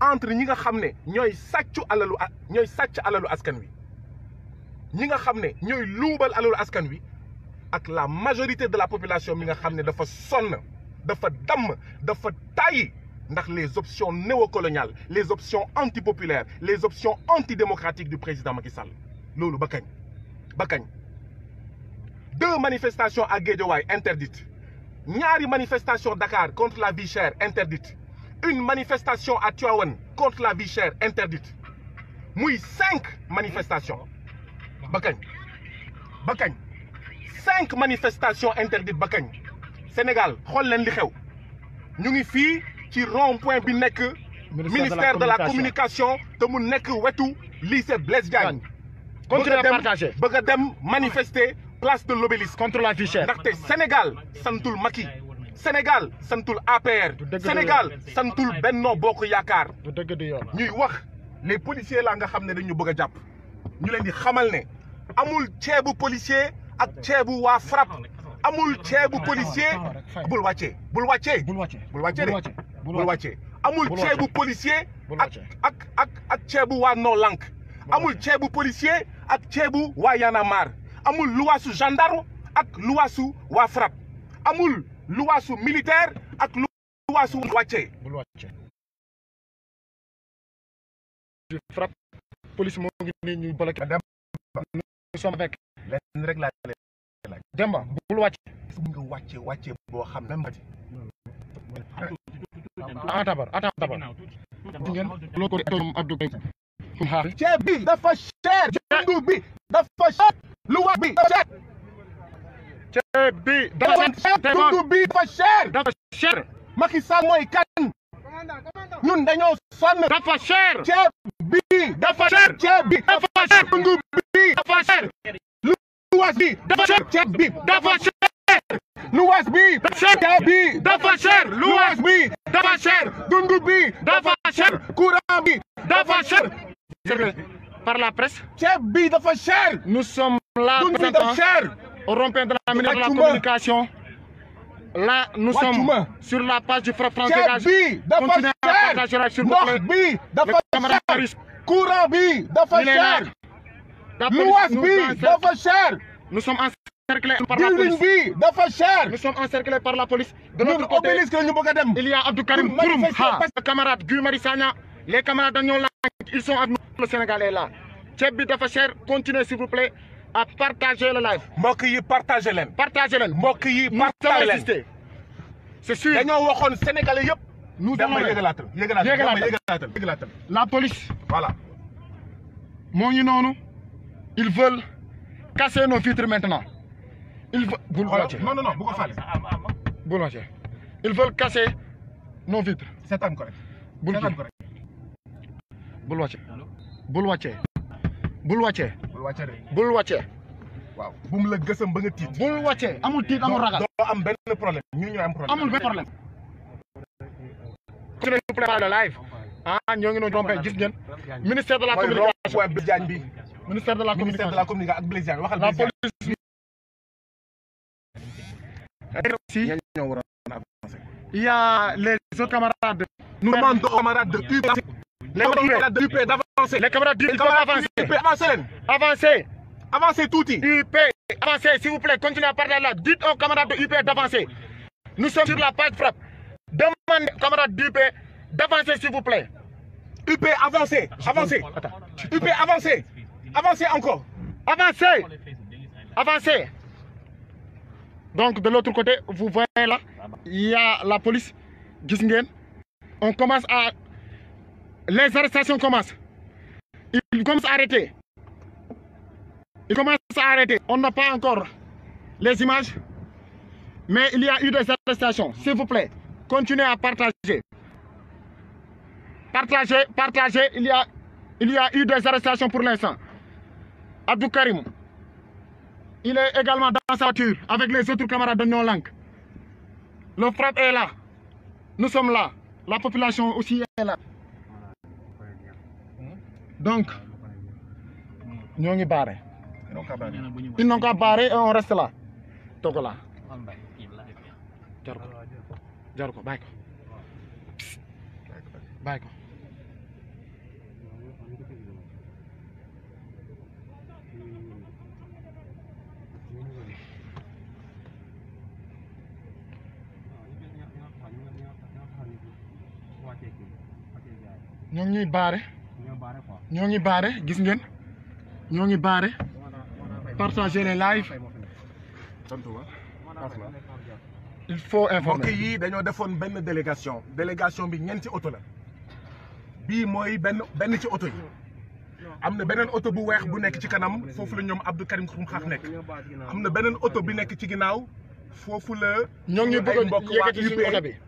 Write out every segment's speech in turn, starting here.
entre ñi nga xamné ne satchu alalu ñoy satchu alalu askan wi ñi nga xamné ne loubal alalu askan wi ak la majorité de la population mi nga xamné dafa sonn dafa dam dafa tayi ndax les options néocoloniales les options antipopulaires les options antidémocratiques du président Macky Sall lolu ba kañ deux manifestations à Guédiawaye interdites ñaari manifestations Dakar contre la vie chère interdites une manifestation à Tuawen contre la vie chère interdite Oui, cinq manifestations Bakagne. Bakagne. cinq manifestations interdites Bakagne. Sénégal xool leen li xew ñu ngi ci rond point bi nekk ministère de la communication te mu nek wetu lycée Blaise Diagne contre a dem bëgg dem manifester place de l'obélisque contre la vie chère Sénégal santul Maki. Sénégal santul APR Sénégal santul Benno Bokk Yakar. ñuy wax les policiers la nga xam ne dañu bëgg a jàpp ñu dit xamal amul ceebu policier ak ceebu wa frappe amul ceebu policier bul wàccee bul wàccee bul wàccee bul wàccee amul ceebu policier ak ak ak ak wa No Lank amul ceebu policier ak ceebu wa Y'en a marre amul luwaasu gendarme ak luwaasu wa frappe amul luwaasu militaire ak luwaasu wàccee. frappe police moo ngi nii ñu bloqué. nous sommes avec lenn rek laa laaj. Demba bul wàcce. nga wàcce wàcce boo xam ne mati. atabar atabar. loo ko toog Abdou Gueye. ceeb bi dafa cher. dund bi dafa cher. luwa bi dafa cher. bi dafa dund bii dafa cher. dafa cher. Macky Sall mooy kan. ñun dañoo sonn. dafa cher. ceeb bii dafa cher. ceeb bi dafa cher. dund bii cher. luwaas bi dafa cher. ceeb bi dafa cher. luwaas bi dafa cher. ceeb bi dafa cher. luwaas bi dafa cher. dund bi dafa cher. courant bi dafa cher. par la presse. ceeb bi dafa cher. nous sommes là. dund bi dafa cher au rond de la ministre de la Communication. Là, nous sommes sur la page du Frère Français Continuez à partager la sur Nous sommes encerclés par la police. Nous sommes encerclés par la police. De notre côté, il y a Abdou Karim le camarade Guy Marissania, Les camarades d'Agnon Lang, ils sont admis. Le Sénégal est là. dafa continuez s'il vous plaît à partager le live. partager Partagez partager c'est sûr sénégalais nous demandons la police. voilà. ils veulent casser nos vitres maintenant. ils veulent. non non non ils veulent casser nos vitres. c'est correct. bul wàcce de bul wàcce waaw bu la gësam ba nga tiit bul wàcce amul tit, amul ragal doo am benn problème ñun ñooy am problème amul benn problème ci nañu préparé le live ah ñoo ngi noonu trompé gis ngeen ministère de la communication mooy Blaise Diagne bi ministère de la communication ministère de la communication ak Blaise Diagne waxal Blaise Diagne la police Merci. Il y a les autres camarades. Nous demandons aux camarades de les camarades du P d'avancer. Les camarades du UP avancez. Avancez. Avancez tout. UP, avancez, s'il vous plaît, continuez à parler là. Dites aux camarades de UP d'avancer. Nous sommes sur la page frappe. Demandez aux camarades du P d'avancer, s'il vous plaît. UP, avancez. Avancez. UP, avancez. Avancez encore. Avancez. Avancez. Donc, de l'autre côté, vous voyez là, il y a la police. On commence à les arrestations commencent. Ils commencent à arrêter. Ils commencent à arrêter. On n'a pas encore les images, mais il y a eu des arrestations. S'il vous plaît, continuez à partager. Partagez, partagez. Il y a, il y a eu des arrestations pour l'instant. Abdou Karim, il est également dans sa voiture avec les autres camarades de Nolang. Le frappe est là. Nous sommes là. La population aussi est là. donc ñoo ngi barré. ils n'ont qu'à barrer et on reste là toog là jar ko jar ko bàyyi ko bàyyi ko ñoom ñuy barré ñoo ngi baare gis ngeen ñoo ngi baare partager les live il faut informer mbokk yi dañoo defoon benn délégation délégation bi ñeenti oto la bii mooy benn benn ci oto yi am na beneen oto bu weex bu nekk ci kanam foofu la ñoom Abdou Karim Xrum Xax nekk am na beneen oto bi nekk ci ginnaaw foofu la ñoo ngi bëgg a yëkkati suñu oto bi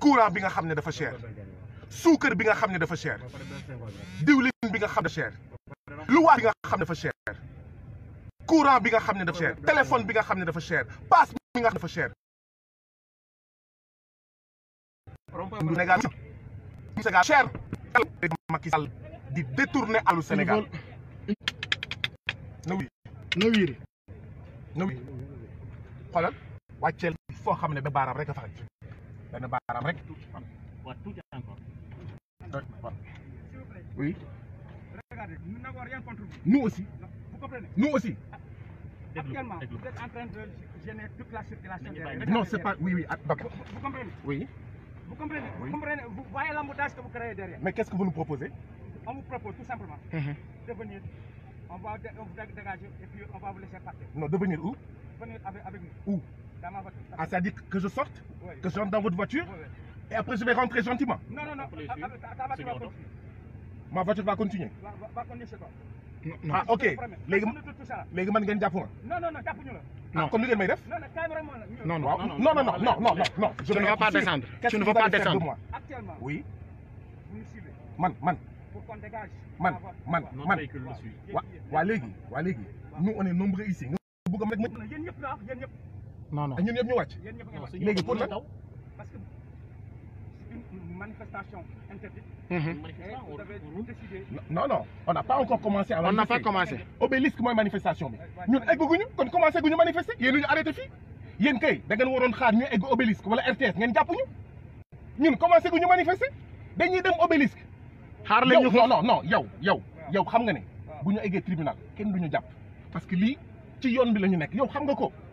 courant bi nga xam ne dafa cher suukar bi nga xam ne dafa cher diwlin bi nga xam ne cher luwaat bi nga dafa cher courant bi nga xam ne dafa cher téléphone bi nga xam ne dafa cher paas bi nga xam ne dafa cher Sénégal di détourner alu Sénégal na wiiri na foo xam ne ba baaraam rek a fa tout baaraam rek. tout vous encore. oui. nous aussi. Vous comprenez. nous aussi. Actuellement, vous êtes en train de gêner toute la circulation derrière Non, c'est pas. Oui, oui. Ah, vous, comprenez Oui. Vous comprenez Vous comprenez Vous voyez l'embouteillage que vous créez derrière. Mais qu'est-ce que vous nous proposez On vous propose tout simplement mm-hmm. de venir. On va vous dégager et puis on va vous laisser partir. Non, de venir où Venir avec, avec nous. Où ah, ça dit que je sorte, que je rentre dans votre voiture, et après je vais rentrer gentiment. Non, non, non, ma voiture va continuer. Va, va Non, non. Ah, ah ok. Non, non, non, non. Non, non, non, non, non, non, non, non. Je ne vais pas descendre. Tu ne vas pas descendre. Actuellement. Oui. Vous me Man, man. Pour qu'on dégage. Man, man, non, non, non, Nous, on est nombreux ici. Nous, non non ah, ñun ñëpp ñu wacc légui pour lan parce que manifestation interdite. Mhm. vous avez non non on n'a pas encore commencé. à on n'a pas commencé. obélisque mooy manifestation bi ñun egguñu kon commencé guñu manifester yeen ñu arrêté fi yeen kay da ngeen waron xaar ñu egg obélisque wala RTS ngeen jàpp ñu ñun commencé guñu manifester dañuy dem obélisque. xaar lañu non non non yow yow yow xam nga ne buñu ñu tribunal kenn duñu japp parce que li ci yoon bi lañu nek yow xam nga ko.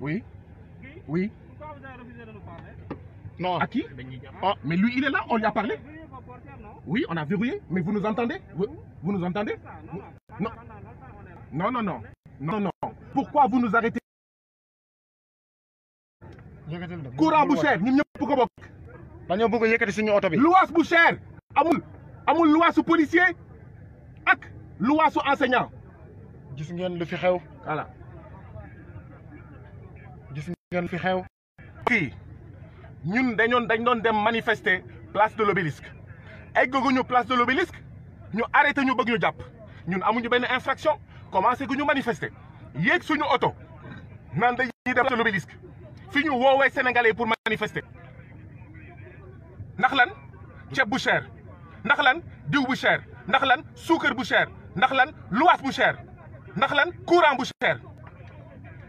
Oui. Oui. Pourquoi vous avez refusé de nous parler Non. À qui ah, Mais lui, il est là, on lui a parlé. Oui, on a verrouillé, mais vous nous entendez vous, nous entendez Non. Non, non, non. Non, non. Pourquoi vous nous arrêtez courant Boucher, ñëpp policier ak enseignant. voilà. Nous fi xew kii ñun dem manifester place de l'obélisque la place de l'obélisque ñu arrêté ñu bëgg ñu avons ñun amuñu infraction commencé à ñu manifester avons suñu auto. Nous avons une place de l'obélisque Nous ñu woowee sénégalais pour manifester Nous, lan boucher. bu cher ndax lan diw bu cher ndax lan suukar bu cher lan courant boucher.